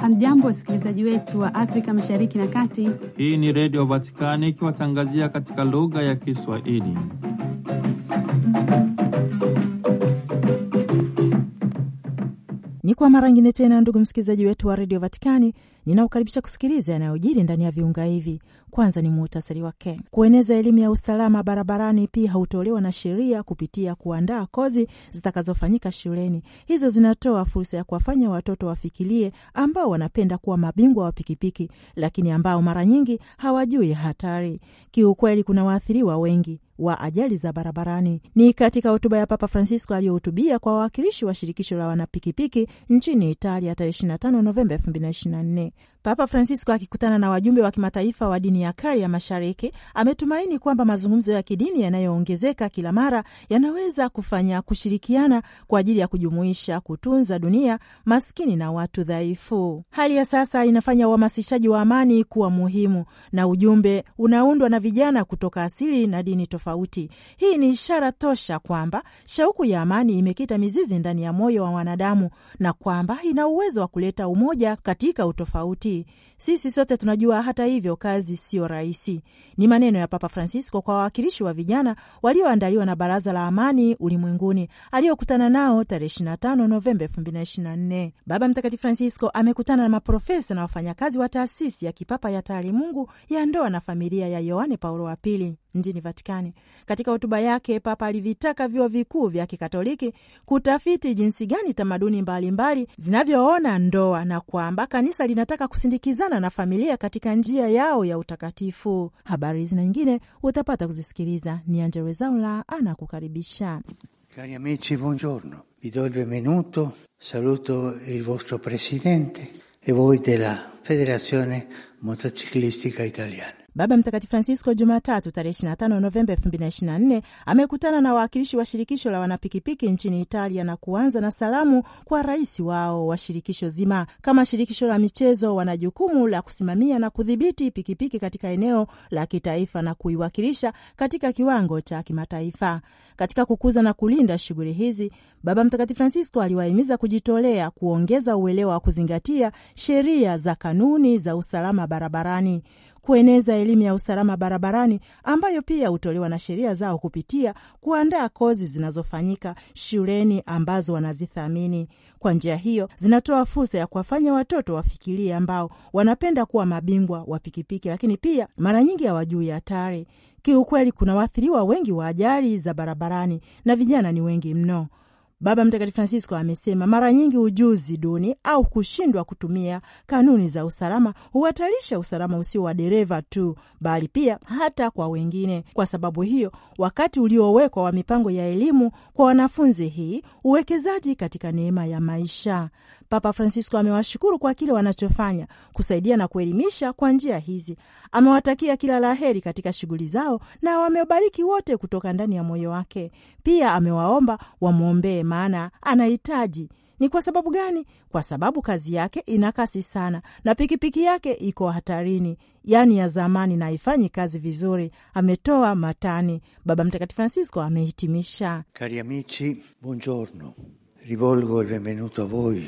Hamjambo, wasikilizaji wetu wa Afrika mashariki na kati. Hii ni Redio Vatikani ikiwatangazia katika lugha ya Kiswahili. Ni kwa mara ngine tena, ndugu msikilizaji wetu wa Redio Vatikani, ninaokaribisha kusikiliza yanayojiri ndani ya viunga hivi. Kwanza ni muhtasari wake. Kueneza elimu ya usalama barabarani pia hutolewa na sheria kupitia kuandaa kozi zitakazofanyika shuleni. Hizo zinatoa fursa ya kuwafanya watoto wafikirie, ambao wanapenda kuwa mabingwa wa pikipiki, lakini ambao mara nyingi hawajui hatari. Kiukweli kuna waathiriwa wengi wa ajali za barabarani. Ni katika hotuba ya Papa Francisco aliyohutubia kwa wawakilishi wa shirikisho la wanapikipiki nchini Italia tarehe 25 Novemba 2024. Papa Francisco akikutana na wajumbe wa kimataifa wa dini ya kari ya mashariki ametumaini kwamba mazungumzo ya kidini yanayoongezeka kila mara yanaweza kufanya kushirikiana kwa ajili ya kujumuisha kutunza dunia maskini na watu dhaifu. Hali ya sasa inafanya uhamasishaji wa amani kuwa muhimu na ujumbe unaundwa na vijana kutoka asili na dini tofauti. Hii ni ishara tosha kwamba shauku ya amani imekita mizizi ndani ya moyo wa wanadamu na kwamba ina uwezo wa kuleta umoja katika utofauti sisi sote tunajua, hata hivyo, kazi siyo rahisi. Ni maneno ya Papa Francisco kwa wawakilishi wa vijana walioandaliwa na Baraza la Amani Ulimwenguni aliyokutana nao tarehe 25 Novemba 2024. Baba Mtakatifu Francisco amekutana na maprofesa na wafanyakazi wa taasisi ya kipapa ya taalimungu ya ndoa na familia ya Yohane Paulo wa Pili mjini Vatikani. Katika hotuba yake, Papa alivitaka vyuo vikuu vya Kikatoliki kutafiti jinsi gani tamaduni mbalimbali zinavyoona ndoa na kwamba kanisa linataka kusindikizana na familia katika njia yao ya utakatifu. Habari hizi na nyingine utapata kuzisikiliza. Ni Angella Rwezaula anakukaribisha. Cari amici, buongiorno. Vi do il benvenuto, saluto il vostro presidente e voi della Federazione Motociclistica Italiana. Baba Mtakatifu Francisco Jumatatu tarehe 25 Novemba 2024 amekutana na wawakilishi wa shirikisho la wanapikipiki nchini Italia na kuanza na salamu kwa rais wao wa shirikisho zima. Kama shirikisho la michezo, wana jukumu la kusimamia na kudhibiti pikipiki katika eneo la kitaifa na kuiwakilisha katika kiwango cha kimataifa. Katika kukuza na kulinda shughuli hizi, Baba Mtakatifu Francisco aliwahimiza kujitolea kuongeza uelewa wa kuzingatia sheria za kanuni za usalama barabarani kueneza elimu ya usalama barabarani ambayo pia hutolewa na sheria zao kupitia kuandaa kozi zinazofanyika shuleni ambazo wanazithamini. Kwa njia hiyo zinatoa fursa ya kuwafanya watoto wafikirie, ambao wanapenda kuwa mabingwa wa pikipiki, lakini pia mara nyingi hawajui hatari. Kiukweli, kuna waathiriwa wengi wa ajali za barabarani na vijana ni wengi mno. Baba Mtakatifu Francisco amesema mara nyingi ujuzi duni au kushindwa kutumia kanuni za usalama huhatarisha usalama usio wa dereva tu, bali pia hata kwa wengine. Kwa sababu hiyo, wakati uliowekwa wa mipango ya elimu kwa wanafunzi hii uwekezaji katika neema ya maisha Papa Francisco amewashukuru kwa kile wanachofanya kusaidia na kuelimisha kwa njia hizi. Amewatakia kila la heri katika shughuli zao na wamebariki wote kutoka ndani ya moyo wake. Pia amewaomba wamwombee, maana anahitaji ni kwa sababu gani? Kwa sababu kazi yake ina kasi sana na pikipiki yake iko hatarini, yaani ya zamani na haifanyi kazi vizuri. Ametoa matani. Baba Mtakatifu Francisco amehitimisha: Cari amici buongiorno rivolgo il benvenuto a voi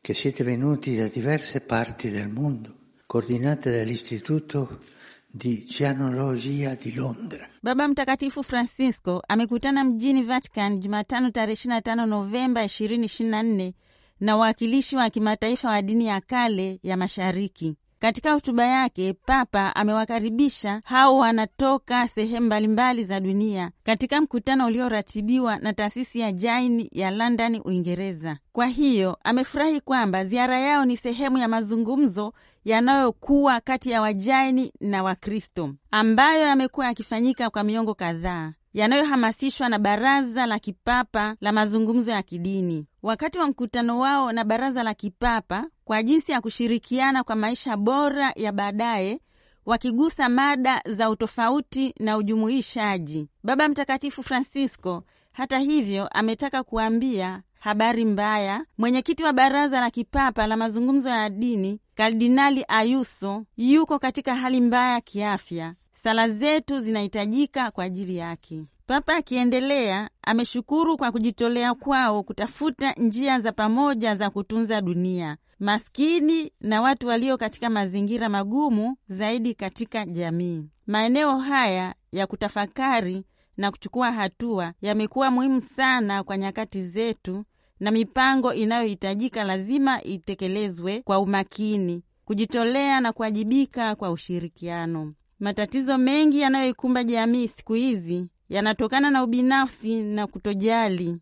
che siete venuti da diverse parti del mondo, coordinate dall'Istituto di Genealogia di Londra. Baba Mtakatifu Francisco amekutana mjini Vatican Jumatano tarehe 25 Novemba 2024 na uwakilishi wa kimataifa wa dini ya kale ya Mashariki. Katika hotuba yake, Papa amewakaribisha hao wanatoka sehemu mbalimbali za dunia katika mkutano ulioratibiwa na taasisi ya Jain ya London, Uingereza. Kwa hiyo amefurahi kwamba ziara yao ni sehemu ya mazungumzo yanayokuwa kati ya Wajaini na Wakristo ambayo yamekuwa yakifanyika kwa miongo kadhaa yanayohamasishwa na Baraza la Kipapa la Mazungumzo ya Kidini wakati wa mkutano wao na Baraza la Kipapa kwa jinsi ya kushirikiana kwa maisha bora ya baadaye wakigusa mada za utofauti na ujumuishaji. Baba Mtakatifu Francisco, hata hivyo, ametaka kuambia habari mbaya. Mwenyekiti wa baraza la kipapa la mazungumzo ya dini Kardinali Ayuso yuko katika hali mbaya kiafya, Sala zetu zinahitajika kwa ajili yake. Papa akiendelea, ameshukuru kwa kujitolea kwao kutafuta njia za pamoja za kutunza dunia, maskini na watu walio katika mazingira magumu zaidi katika jamii. Maeneo haya ya kutafakari na kuchukua hatua yamekuwa muhimu sana kwa nyakati zetu, na mipango inayohitajika lazima itekelezwe kwa umakini, kujitolea na kuwajibika kwa ushirikiano. Matatizo mengi yanayoikumba jamii siku hizi yanatokana na ubinafsi na kutojali,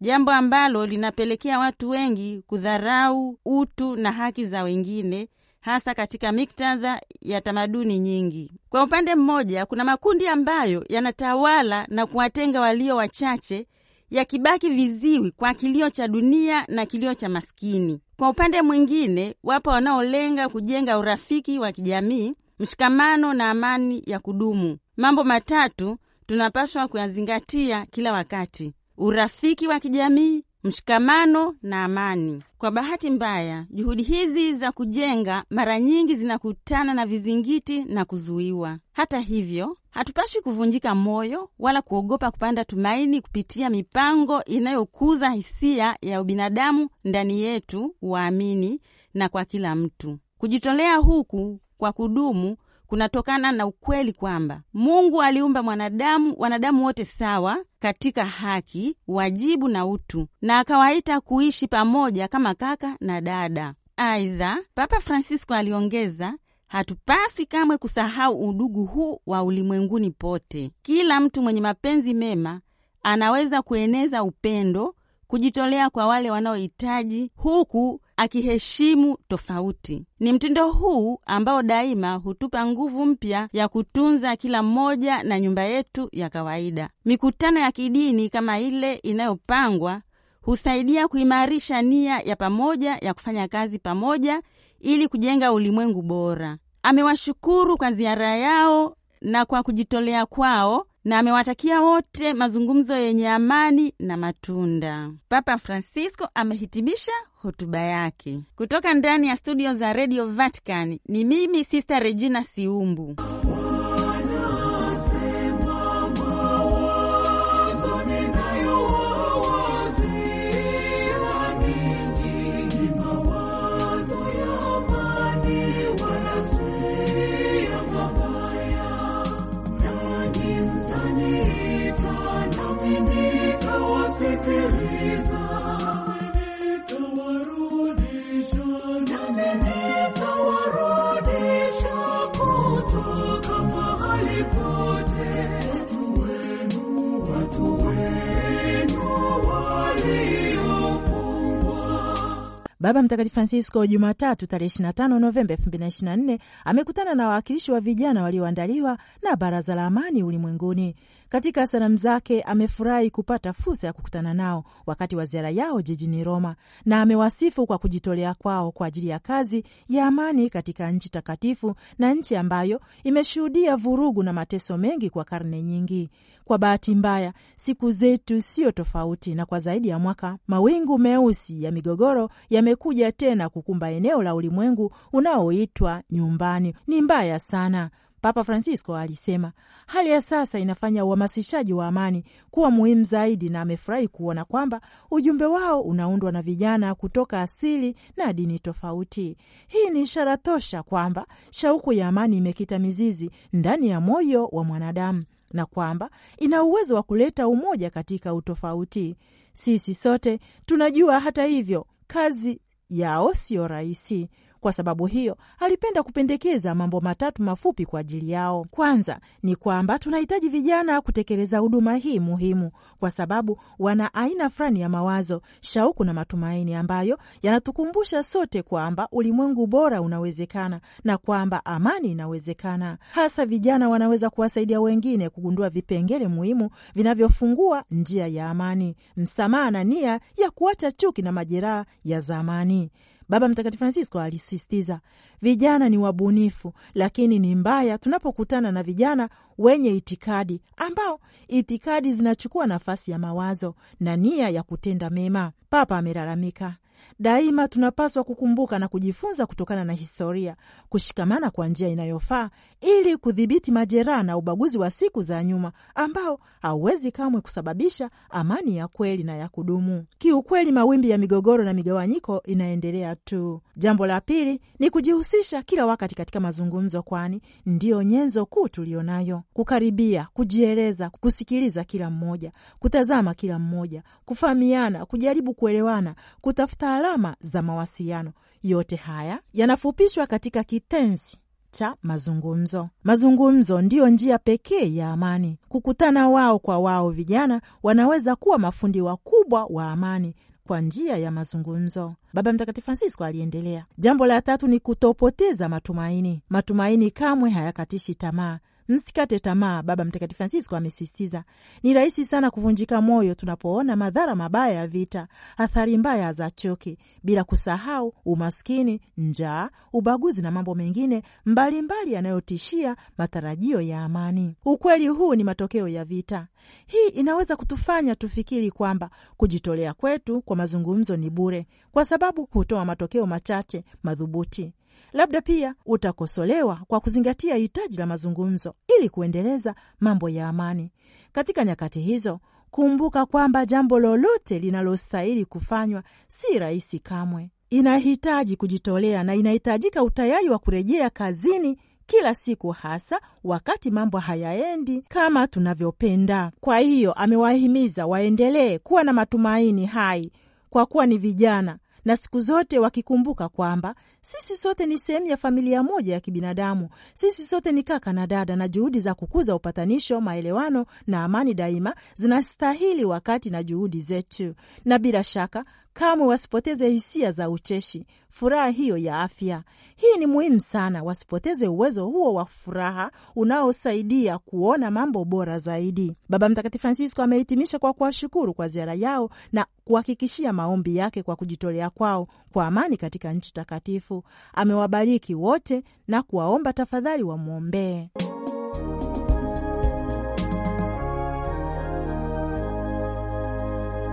jambo ambalo linapelekea watu wengi kudharau utu na haki za wengine hasa katika miktadha ya tamaduni nyingi. Kwa upande mmoja, kuna makundi ambayo yanatawala na kuwatenga walio wachache, yakibaki viziwi kwa kilio cha dunia na kilio cha maskini. Kwa upande mwingine, wapo wanaolenga kujenga urafiki wa kijamii mshikamano na amani ya kudumu. Mambo matatu tunapaswa kuyazingatia kila wakati: urafiki wa kijamii, mshikamano na amani. Kwa bahati mbaya, juhudi hizi za kujenga mara nyingi zinakutana na vizingiti na kuzuiwa. Hata hivyo, hatupaswi kuvunjika moyo wala kuogopa kupanda tumaini kupitia mipango inayokuza hisia ya ubinadamu ndani yetu, waamini na kwa kila mtu. Kujitolea huku kwa kudumu kunatokana na ukweli kwamba Mungu aliumba mwanadamu, wanadamu wote sawa katika haki, wajibu na utu, na akawaita kuishi pamoja kama kaka na dada. Aidha, Papa Francisco aliongeza, hatupaswi kamwe kusahau udugu huu wa ulimwenguni pote. Kila mtu mwenye mapenzi mema anaweza kueneza upendo kujitolea kwa wale wanaohitaji, huku akiheshimu tofauti. Ni mtindo huu ambao daima hutupa nguvu mpya ya kutunza kila mmoja na nyumba yetu ya kawaida. Mikutano ya kidini kama ile inayopangwa husaidia kuimarisha nia ya pamoja ya kufanya kazi pamoja ili kujenga ulimwengu bora. Amewashukuru kwa ziara yao na kwa kujitolea kwao na amewatakia wote mazungumzo yenye amani na matunda. Papa Francisco amehitimisha hotuba yake kutoka ndani ya studio za Radio Vatican. Ni mimi Sister Regina Siumbu. Baba Mtakatifu Francisco Jumatatu tarehe 25 Novemba 2024 amekutana na wawakilishi wa vijana walioandaliwa na Baraza la Amani Ulimwenguni. Katika salamu zake amefurahi kupata fursa ya kukutana nao wakati wa ziara yao jijini Roma, na amewasifu kwa kujitolea kwao kwa ajili ya kazi ya amani katika nchi takatifu na nchi ambayo imeshuhudia vurugu na mateso mengi kwa karne nyingi. Kwa bahati mbaya, siku zetu sio tofauti, na kwa zaidi ya mwaka mawingu meusi ya migogoro yamekuja tena kukumba eneo la ulimwengu unaoitwa nyumbani. Ni mbaya sana Papa Francisco alisema hali ya sasa inafanya uhamasishaji wa amani kuwa muhimu zaidi, na amefurahi kuona kwamba ujumbe wao unaundwa na vijana kutoka asili na dini tofauti. Hii ni ishara tosha kwamba shauku ya amani imekita mizizi ndani ya moyo wa mwanadamu na kwamba ina uwezo wa kuleta umoja katika utofauti. Sisi sote tunajua, hata hivyo, kazi yao siyo rahisi. Kwa sababu hiyo, alipenda kupendekeza mambo matatu mafupi kwa ajili yao. Kwanza ni kwamba tunahitaji vijana kutekeleza huduma hii muhimu, kwa sababu wana aina fulani ya mawazo, shauku na matumaini ambayo yanatukumbusha sote kwamba ulimwengu bora unawezekana na kwamba amani inawezekana. Hasa vijana wanaweza kuwasaidia wengine kugundua vipengele muhimu vinavyofungua njia ya amani, msamaha na nia ya kuacha chuki na majeraha ya zamani. Baba Mtakatifu Francisco alisisitiza, vijana ni wabunifu, lakini ni mbaya tunapokutana na vijana wenye itikadi ambao itikadi zinachukua nafasi ya mawazo na nia ya kutenda mema. Papa amelalamika Daima tunapaswa kukumbuka na kujifunza kutokana na historia, kushikamana kwa njia inayofaa ili kudhibiti majeraha na ubaguzi wa siku za nyuma ambao hauwezi kamwe kusababisha amani ya kweli na ya kudumu. Kiukweli, mawimbi ya migogoro na migawanyiko inaendelea tu. Jambo la pili ni kujihusisha kila wakati katika mazungumzo, kwani ndiyo nyenzo kuu tuliyo nayo: kukaribia, kujieleza, kusikiliza kila mmoja, kutazama kila mmoja, kufahamiana, kujaribu kuelewana, kutafuta alama za mawasiliano. Yote haya yanafupishwa katika kitenzi cha mazungumzo. Mazungumzo ndiyo njia pekee ya amani. Kukutana wao kwa wao, vijana wanaweza kuwa mafundi wakubwa wa amani kwa njia ya mazungumzo. Baba Mtakatifu Francisco aliendelea, jambo la tatu ni kutopoteza matumaini. Matumaini kamwe hayakatishi tamaa, Msikate tamaa, Baba Mtakatifu Francisco amesisitiza. Ni rahisi sana kuvunjika moyo tunapoona madhara mabaya ya vita, athari mbaya za chuki, bila kusahau umaskini, njaa, ubaguzi na mambo mengine mbalimbali yanayotishia matarajio ya amani. Ukweli huu ni matokeo ya vita. Hii inaweza kutufanya tufikiri kwamba kujitolea kwetu kwa mazungumzo ni bure, kwa sababu hutoa matokeo machache madhubuti. Labda pia utakosolewa kwa kuzingatia hitaji la mazungumzo ili kuendeleza mambo ya amani. Katika nyakati hizo, kumbuka kwamba jambo lolote linalostahili kufanywa si rahisi kamwe, inahitaji kujitolea na inahitajika utayari wa kurejea kazini kila siku, hasa wakati mambo hayaendi kama tunavyopenda. Kwa hiyo amewahimiza waendelee kuwa na matumaini hai kwa kuwa ni vijana na siku zote wakikumbuka kwamba sisi sote ni sehemu ya familia moja ya kibinadamu. Sisi sote ni kaka na dada, na juhudi za kukuza upatanisho, maelewano na amani daima zinastahili wakati na juhudi zetu, na bila shaka Kamwe wasipoteze hisia za ucheshi, furaha hiyo ya afya. Hii ni muhimu sana, wasipoteze uwezo huo wa furaha unaosaidia kuona mambo bora zaidi. Baba Mtakatifu Francisco amehitimisha kwa kuwashukuru kwa ziara yao na kuhakikishia maombi yake kwa kujitolea kwao kwa amani katika nchi takatifu. Amewabariki wote na kuwaomba tafadhali wamwombee.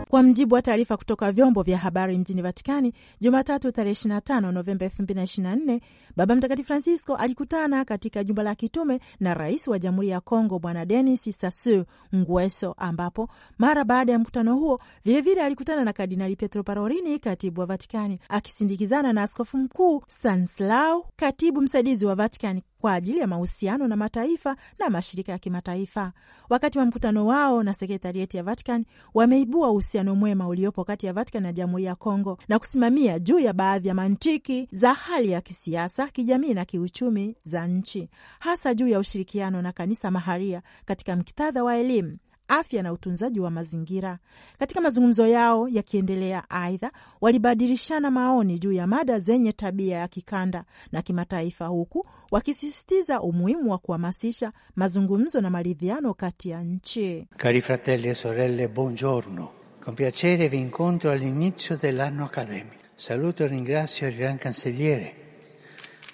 Kwa mjibu wa taarifa kutoka vyombo vya habari mjini Vatikani Jumatatu tarehe 25 Novemba 2024, Baba Mtakatifu Francisco alikutana katika jumba la kitume na rais wa Jamhuri ya Kongo Bwana Denis Sassou Nguesso, ambapo mara baada ya mkutano huo vilevile alikutana na Kardinali Pietro parorini katibu wa Vatikani, akisindikizana na askofu mkuu Stanislao, katibu msaidizi wa Vatikani kwa ajili ya mahusiano na mataifa na mashirika ya kimataifa. Wakati wa mkutano wao na sekretarieti ya Vatican wameibua uhusiano mwema uliopo kati ya Vatican na Jamhuri ya Kongo na kusimamia juu ya baadhi ya mantiki za hali ya kisiasa, kijamii na kiuchumi za nchi, hasa juu ya ushirikiano na kanisa maharia katika mktadha wa elimu afya na utunzaji wa mazingira. Katika mazungumzo yao yakiendelea, aidha walibadilishana maoni juu ya mada zenye tabia ya kikanda na kimataifa, huku wakisisitiza umuhimu wa kuhamasisha mazungumzo na maridhiano kati ya nchi. Cari fratelli e sorelle, buongiorno. Con piacere vi incontro all'inizio dell'anno accademico. Saluto e ringrazio il Gran Cancelliere,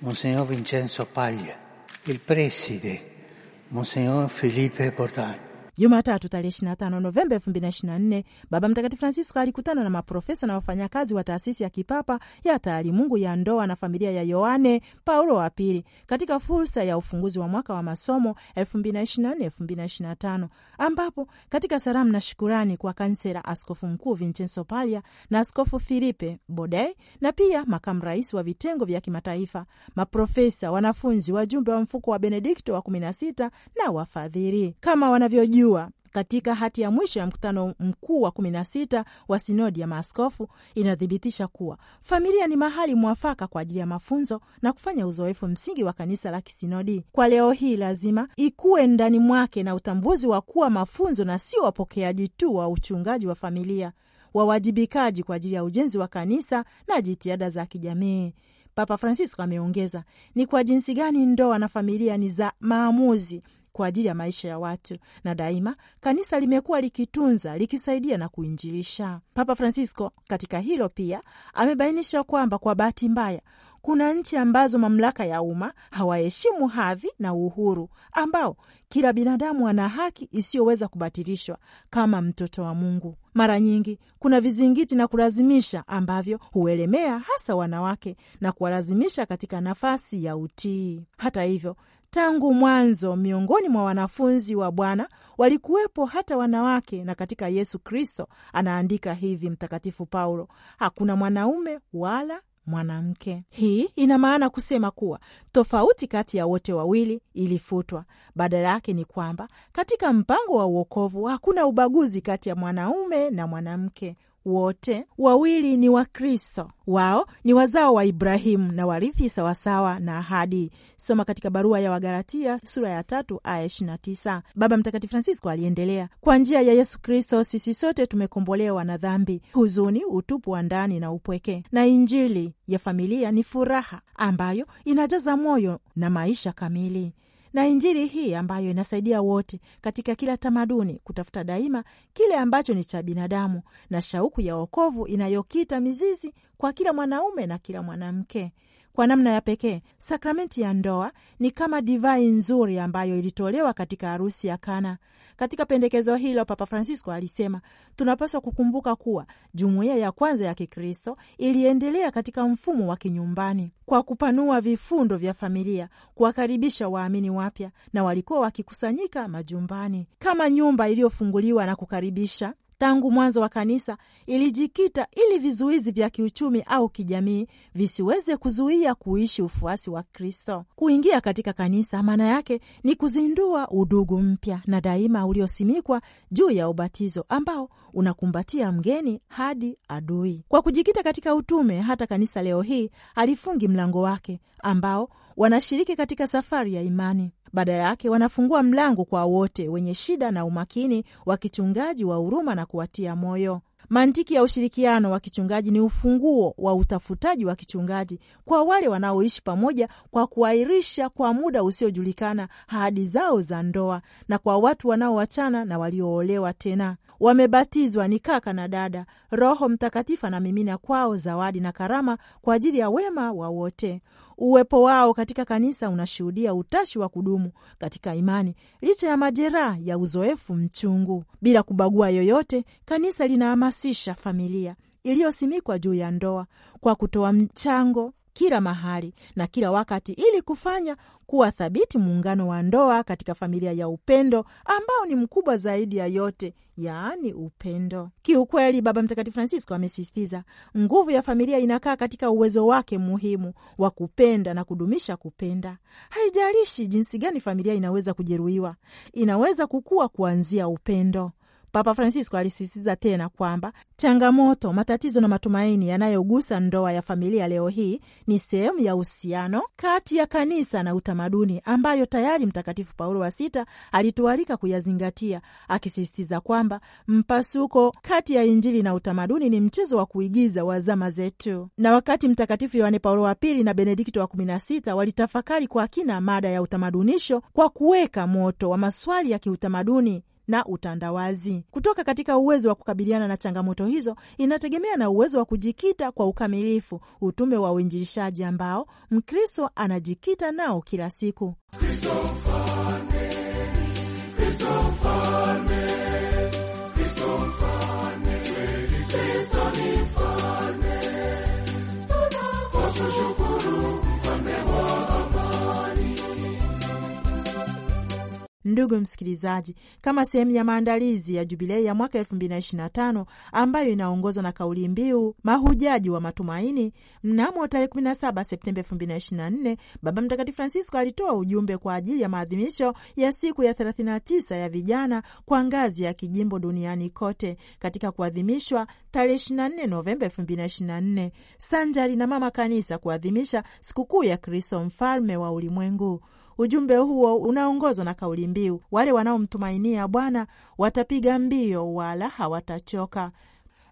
Monsignor Vincenzo Paglia, il Preside, Monsignor Felipe Portani Jumatatu tarehe 25 Novemba 2024 Baba Mtakatifu Francisco alikutana na maprofesa na wafanyakazi wa taasisi ya kipapa ya taalimungu ya ndoa na familia ya Yohane Paulo wa Pili katika fursa ya ufunguzi wa mwaka wa masomo 2024/2025 ambapo katika salamu na shukurani kwa kansela Askofu Mkuu Vincenzo Paglia na Askofu Filipe Bodei na pia makamu rais wa vitengo vya kimataifa, maprofesa, wanafunzi, wajumbe wa mfuko wa Benedikto wa 16 na wafadhili kama wanavyojua kujua katika hati ya mwisho ya mkutano mkuu wa kumi na sita wa sinodi ya maaskofu inathibitisha kuwa familia ni mahali mwafaka kwa ajili ya mafunzo na kufanya uzoefu msingi wa kanisa la kisinodi kwa leo hii. Lazima ikuwe ndani mwake na utambuzi wa kuwa mafunzo na sio wapokeaji tu wa uchungaji wa familia, wawajibikaji kwa ajili ya ujenzi wa kanisa na jitihada za kijamii. Papa Francisco ameongeza ni kwa jinsi gani ndoa na familia ni za maamuzi kwa ajili ya maisha ya watu, na daima kanisa limekuwa likitunza, likisaidia na kuinjilisha. Papa Francisco katika hilo pia amebainisha kwamba kwa bahati mbaya kuna nchi ambazo mamlaka ya umma hawaheshimu hadhi na uhuru ambao kila binadamu ana haki isiyoweza kubatilishwa kama mtoto wa Mungu. Mara nyingi kuna vizingiti na kulazimisha ambavyo huelemea hasa wanawake na kuwalazimisha katika nafasi ya utii. Hata hivyo, Tangu mwanzo miongoni mwa wanafunzi wa Bwana walikuwepo hata wanawake, na katika Yesu Kristo anaandika hivi Mtakatifu Paulo, hakuna mwanaume wala mwanamke. Hii ina maana kusema kuwa tofauti kati ya wote wawili ilifutwa. Badala yake ni kwamba katika mpango wa uokovu hakuna ubaguzi kati ya mwanaume na mwanamke. Wote wawili ni Wakristo, wao ni wazao wa Ibrahimu na warithi sawasawa na ahadi. Soma katika barua ya Wagalatia sura ya tatu aya ishirini na tisa. Baba Mtakatifu Francisco aliendelea, kwa njia ya Yesu Kristo sisi sote tumekombolewa na dhambi, huzuni, utupu wa ndani na upweke, na Injili ya familia ni furaha ambayo inajaza moyo na maisha kamili na Injili hii ambayo inasaidia wote katika kila tamaduni kutafuta daima kile ambacho ni cha binadamu na shauku ya wokovu inayokita mizizi kwa kila mwanaume na kila mwanamke. Kwa namna ya pekee, sakramenti ya ndoa ni kama divai nzuri ambayo ilitolewa katika harusi ya Kana katika pendekezo hilo, Papa Francisco alisema tunapaswa kukumbuka kuwa jumuiya ya kwanza ya Kikristo iliendelea katika mfumo wa kinyumbani kwa kupanua vifundo vya familia, kuwakaribisha waamini wapya, na walikuwa wakikusanyika majumbani kama nyumba iliyofunguliwa na kukaribisha Tangu mwanzo wa kanisa ilijikita ili vizuizi vya kiuchumi au kijamii visiweze kuzuia kuishi ufuasi wa Kristo. Kuingia katika kanisa maana yake ni kuzindua udugu mpya na daima uliosimikwa juu ya ubatizo ambao unakumbatia mgeni hadi adui. Kwa kujikita katika utume, hata kanisa leo hii halifungi mlango wake ambao wanashiriki katika safari ya imani. Badala yake wanafungua mlango kwa wote wenye shida na umakini wa kichungaji wa huruma na kuwatia moyo. Mantiki ya ushirikiano wa kichungaji ni ufunguo wa utafutaji wa kichungaji kwa wale wanaoishi pamoja kwa kuahirisha kwa muda usiojulikana ahadi zao za ndoa, na kwa watu wanaoachana na walioolewa tena. Wamebatizwa ni kaka na dada. Roho Mtakatifu anamimina kwao zawadi na karama kwa ajili ya wema wa wote. Uwepo wao katika kanisa unashuhudia utashi wa kudumu katika imani licha ya majeraha ya uzoefu mchungu. Bila kubagua yoyote, kanisa linahamasisha familia iliyosimikwa juu ya ndoa kwa kutoa mchango kila mahali na kila wakati ili kufanya kuwa thabiti muungano wa ndoa katika familia ya upendo ambao ni mkubwa zaidi ya yote, yaani upendo. Kiukweli, Baba Mtakatifu Francisco amesisitiza nguvu ya familia inakaa katika uwezo wake muhimu wa kupenda na kudumisha kupenda. Haijalishi jinsi gani familia inaweza kujeruhiwa, inaweza kukua kuanzia upendo. Papa Francisco alisisitiza tena kwamba changamoto, matatizo na matumaini yanayogusa ndoa ya familia leo hii ni sehemu ya uhusiano kati ya kanisa na utamaduni ambayo tayari Mtakatifu Paulo wa Sita alitualika kuyazingatia, akisisitiza kwamba mpasuko kati ya Injili na utamaduni ni mchezo wa kuigiza wa zama zetu. Na wakati Mtakatifu Yohane Paulo wa Pili na Benedikto wa kumi na sita walitafakari kwa kina mada ya utamadunisho kwa kuweka moto wa maswali ya kiutamaduni na utandawazi. Kutoka katika uwezo wa kukabiliana na changamoto hizo inategemea na uwezo wa kujikita kwa ukamilifu utume wa uinjilishaji ambao Mkristo anajikita nao kila siku Christopher. Ndugu msikilizaji, kama sehemu ya maandalizi ya jubilei ya mwaka 2025 ambayo inaongozwa na kauli mbiu mahujaji wa matumaini, mnamo tarehe 17 Septemba 2024 Baba Mtakatifu Francisco alitoa ujumbe kwa ajili ya maadhimisho ya siku ya 39 ya vijana kwa ngazi ya kijimbo duniani kote katika kuadhimishwa tarehe 24 Novemba 2024 sanjari na Mama Kanisa kuadhimisha sikukuu ya Kristo mfalme wa ulimwengu. Ujumbe huo unaongozwa na kauli mbiu, wale wanaomtumainia Bwana watapiga mbio wala hawatachoka,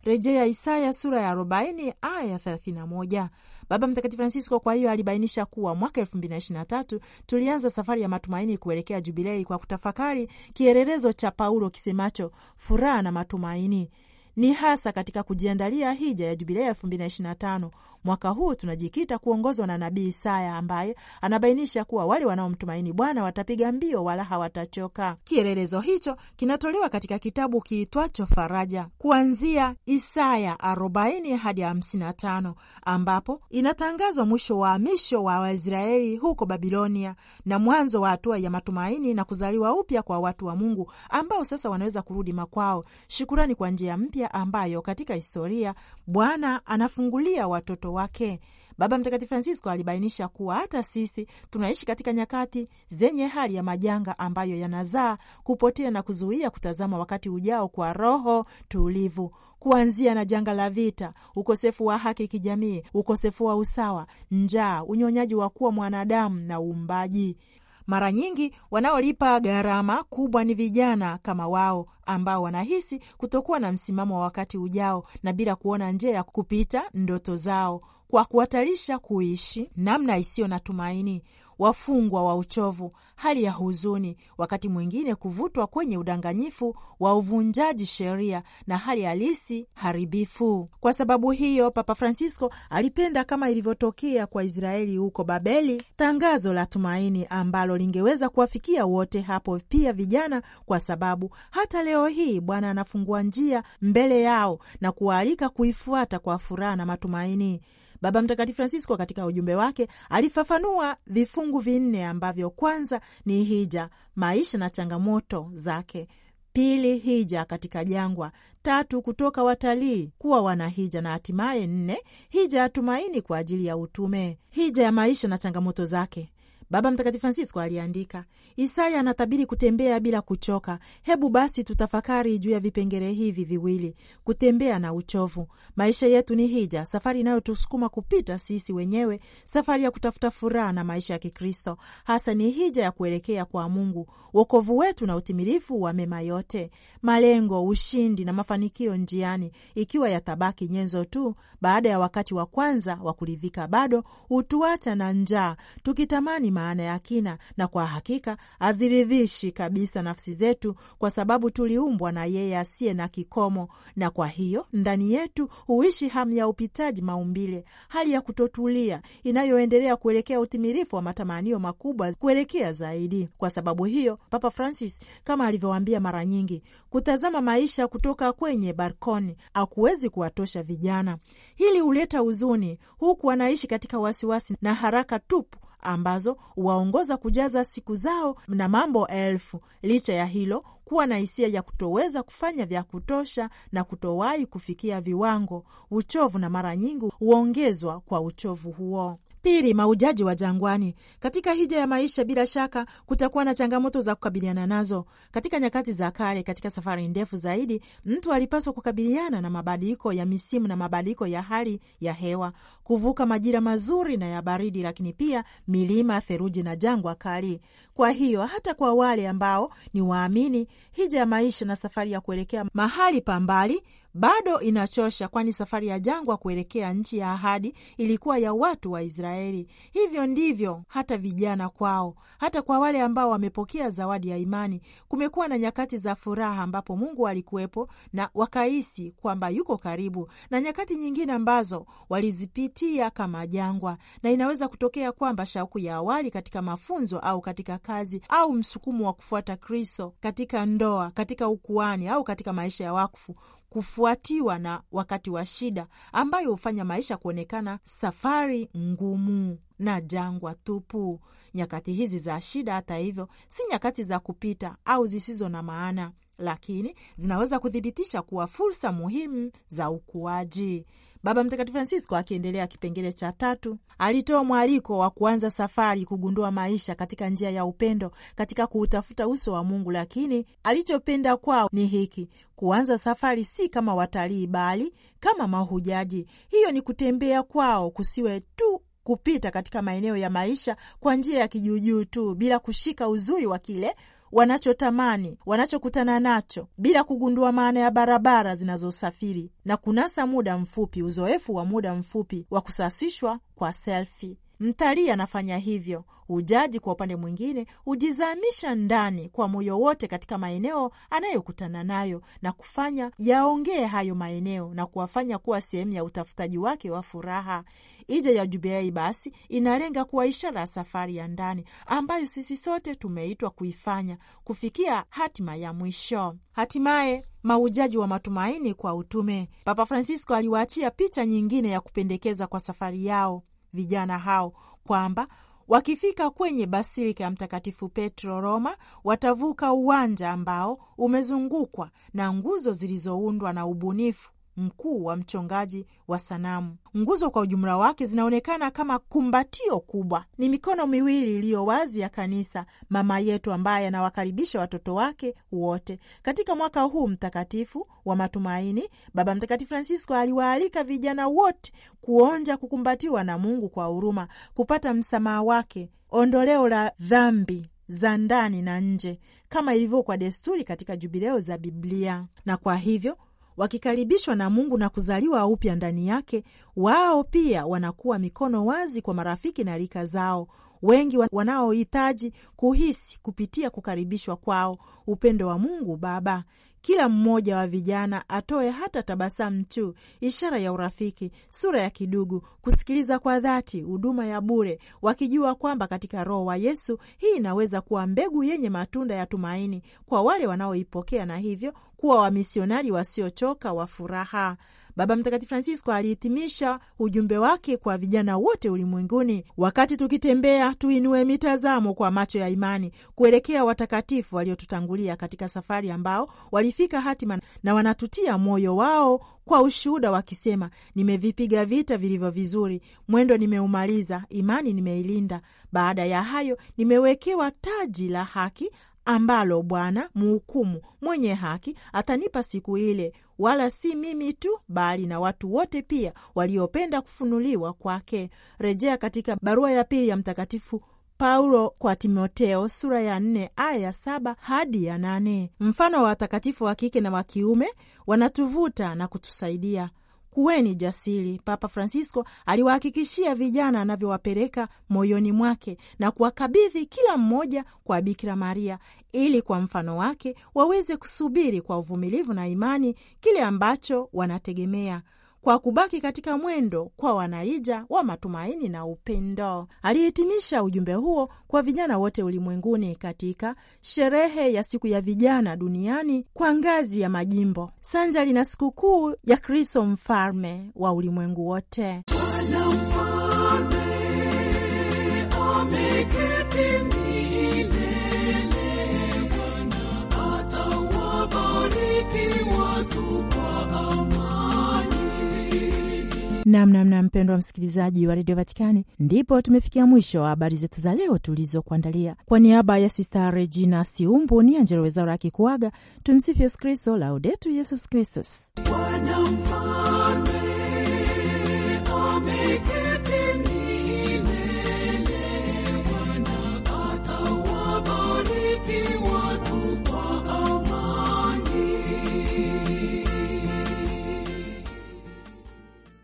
rejea Isaya sura ya 40 aya 31. Baba Mtakatifu Francisco kwa hiyo alibainisha kuwa mwaka elfu mbili na ishirini na tatu tulianza safari ya matumaini kuelekea Jubilei kwa kutafakari kielelezo cha Paulo kisemacho furaha na matumaini ni hasa katika kujiandalia hija ya jubilei elfu mbili na ishirini na tano. Mwaka huu tunajikita kuongozwa na nabii Isaya ambaye anabainisha kuwa wale wanaomtumaini Bwana watapiga mbio wala hawatachoka. Kielelezo hicho kinatolewa katika kitabu kiitwacho Faraja kuanzia Isaya arobaini hadi hamsini na tano ambapo inatangazwa mwisho wa hamisho wa Waisraeli huko Babilonia na mwanzo wa hatua ya matumaini na kuzaliwa upya kwa watu wa Mungu ambao sasa wanaweza kurudi makwao, shukurani kwa njia mpya moja ambayo katika historia Bwana anafungulia watoto wake. Baba Mtakatifu Francisco alibainisha kuwa hata sisi tunaishi katika nyakati zenye hali ya majanga ambayo yanazaa kupotea na kuzuia kutazama wakati ujao kwa roho tulivu, kuanzia na janga la vita, ukosefu wa haki kijamii, ukosefu wa usawa, njaa, unyonyaji wa kuwa mwanadamu na uumbaji. Mara nyingi wanaolipa gharama kubwa ni vijana kama wao ambao wanahisi kutokuwa na msimamo wa wakati ujao na bila kuona njia ya kupita ndoto zao kwa kuhatarisha kuishi namna isiyo na tumaini wafungwa wa uchovu, hali ya huzuni, wakati mwingine kuvutwa kwenye udanganyifu wa uvunjaji sheria na hali halisi haribifu. Kwa sababu hiyo, Papa Francisco alipenda, kama ilivyotokea kwa Israeli huko Babeli, tangazo la tumaini ambalo lingeweza kuwafikia wote, hapo pia vijana, kwa sababu hata leo hii Bwana anafungua njia mbele yao na kuwaalika kuifuata kwa furaha na matumaini. Baba Mtakatifu Francisco katika ujumbe wake alifafanua vifungu vinne ambavyo kwanza ni hija, maisha na changamoto zake; pili, hija katika jangwa; tatu, kutoka watalii kuwa wanahija; na hatimaye nne, hija ya tumaini kwa ajili ya utume. Hija ya maisha na changamoto zake Baba Mtakatifu Francisco aliandika, Isaya anatabiri kutembea bila kuchoka. Hebu basi tutafakari juu ya vipengele hivi viwili, kutembea na uchovu. Maisha yetu ni hija, safari inayotusukuma kupita sisi wenyewe, safari ya kutafuta furaha na maisha ya Kikristo. Hasa ni hija ya kuelekea kwa Mungu, wokovu wetu na utimilifu wa mema yote, malengo, ushindi na mafanikio njiani, ikiwa yatabaki nyenzo tu baada ya wakati wa kwanza wa kuridhika, bado hutuacha na njaa tukitamani maana ya kina, na kwa hakika haziridhishi kabisa nafsi zetu, kwa sababu tuliumbwa na yeye asiye na kikomo, na kwa hiyo ndani yetu huishi hamu ya upitaji maumbile, hali ya kutotulia inayoendelea kuelekea utimilifu wa matamanio makubwa, kuelekea zaidi. Kwa sababu hiyo, Papa Francis kama alivyowaambia mara nyingi, kutazama maisha kutoka kwenye balkoni hakuwezi kuwatosha vijana. Hili huleta huzuni, huku wanaishi katika wasiwasi na haraka tupu ambazo huwaongoza kujaza siku zao na mambo elfu. Licha ya hilo kuwa na hisia ya kutoweza kufanya vya kutosha na kutowahi kufikia viwango, uchovu na mara nyingi huongezwa kwa uchovu huo. Pili, maujaji wa jangwani. Katika hija ya maisha, bila shaka kutakuwa na changamoto za kukabiliana nazo. Katika nyakati za kale, katika safari ndefu zaidi, mtu alipaswa kukabiliana na mabadiliko ya misimu na mabadiliko ya hali ya hewa, kuvuka majira mazuri na ya baridi, lakini pia milima, theluji na jangwa kali. Kwa hiyo hata kwa wale ambao ni waamini, hija ya maisha na safari ya kuelekea mahali pa mbali bado inachosha, kwani safari ya jangwa kuelekea nchi ya ahadi ilikuwa ya watu wa Israeli. Hivyo ndivyo hata vijana kwao, hata kwa wale ambao wamepokea zawadi ya imani. Kumekuwa na nyakati za furaha ambapo Mungu alikuwepo na wakahisi kwamba yuko karibu, na nyakati nyingine ambazo walizipitia kama jangwa, na inaweza kutokea kwamba shauku ya awali katika mafunzo au katika kazi au msukumo wa kufuata Kristo katika ndoa, katika ukuani au katika maisha ya wakfu kufuatiwa na wakati wa shida ambayo hufanya maisha kuonekana safari ngumu na jangwa tupu. Nyakati hizi za shida, hata hivyo, si nyakati za kupita au zisizo na maana, lakini zinaweza kuthibitisha kuwa fursa muhimu za ukuaji. Baba Mtakatifu Francisco akiendelea kipengele cha tatu, alitoa mwaliko wa kuanza safari kugundua maisha katika njia ya upendo, katika kuutafuta uso wa Mungu. Lakini alichopenda kwao ni hiki: kuanza safari si kama watalii, bali kama mahujaji. Hiyo ni kutembea kwao kusiwe tu kupita katika maeneo ya maisha kwa njia ya kijuujuu tu bila kushika uzuri wa kile wanachotamani, wanachokutana nacho, bila kugundua maana ya barabara zinazosafiri na kunasa muda mfupi, uzoefu wa muda mfupi wa kusasishwa kwa selfie. Mtalii anafanya hivyo. Ujaji, kwa upande mwingine, hujizamisha ndani kwa moyo wote katika maeneo anayokutana nayo na kufanya yaongee hayo maeneo na kuwafanya kuwa sehemu ya utafutaji wake wa furaha. Ija ya jubilei basi inalenga kuwa ishara ya safari ya ndani ambayo sisi sote tumeitwa kuifanya kufikia hatima ya mwisho. Hatimaye, maujaji wa matumaini kwa utume. Papa Francisco aliwaachia picha nyingine ya kupendekeza kwa safari yao vijana hao kwamba wakifika kwenye basilika ya Mtakatifu Petro Roma, watavuka uwanja ambao umezungukwa na nguzo zilizoundwa na ubunifu mkuu wa mchongaji wa sanamu. Nguzo kwa ujumla wake zinaonekana kama kumbatio kubwa, ni mikono miwili iliyo wazi ya kanisa mama yetu, ambaye anawakaribisha watoto wake wote. Katika mwaka huu mtakatifu wa matumaini, Baba Mtakatifu Francisco aliwaalika vijana wote kuonja kukumbatiwa na Mungu kwa huruma, kupata msamaha wake, ondoleo la dhambi za ndani na nje, kama ilivyo kwa desturi katika jubileo za Biblia, na kwa hivyo Wakikaribishwa na Mungu na kuzaliwa upya ndani yake, wao pia wanakuwa mikono wazi kwa marafiki na rika zao, wengi wanaohitaji kuhisi kupitia kukaribishwa kwao upendo wa Mungu Baba kila mmoja wa vijana atoe hata tabasamu tu, ishara ya urafiki, sura ya kidugu, kusikiliza kwa dhati, huduma ya bure, wakijua kwamba katika Roho wa Yesu hii inaweza kuwa mbegu yenye matunda ya tumaini kwa wale wanaoipokea na hivyo kuwa wamisionari wasiochoka wa furaha. Baba Mtakatifu Francisco alihitimisha ujumbe wake kwa vijana wote ulimwenguni: wakati tukitembea, tuinue mitazamo kwa macho ya imani kuelekea watakatifu waliotutangulia katika safari, ambao walifika hatima na wanatutia moyo wao kwa ushuhuda wakisema, nimevipiga vita vilivyo vizuri, mwendo nimeumaliza, imani nimeilinda. Baada ya hayo nimewekewa taji la haki ambalo Bwana mhukumu mwenye haki atanipa siku ile, wala si mimi tu, bali na watu wote pia waliopenda kufunuliwa kwake. Rejea katika barua ya pili ya Mtakatifu Paulo kwa Timoteo sura ya nne aya ya saba hadi ya nane. Mfano wa watakatifu wa kike na wa kiume wanatuvuta na kutusaidia kuweni jasiri. Papa Francisco aliwahakikishia vijana anavyowapeleka moyoni mwake na kuwakabidhi kila mmoja kwa Bikira Maria ili kwa mfano wake waweze kusubiri kwa uvumilivu na imani kile ambacho wanategemea kwa kubaki katika mwendo kwa wanaija wa matumaini na upendo. Alihitimisha ujumbe huo kwa vijana wote ulimwenguni katika sherehe ya siku ya vijana duniani kwa ngazi ya majimbo sanjari na sikukuu ya Kristo mfalme wa ulimwengu wote. Namnamna mpendwa msikilizaji wa redio Vatikani, ndipo tumefikia mwisho wa habari zetu za leo tulizokuandalia. Kwa niaba ya Sista Regina Siumbu ni Anjero Wezaura akikuaga. Tumsifu Yesu Kristo, Laudetu Yesus Kristus.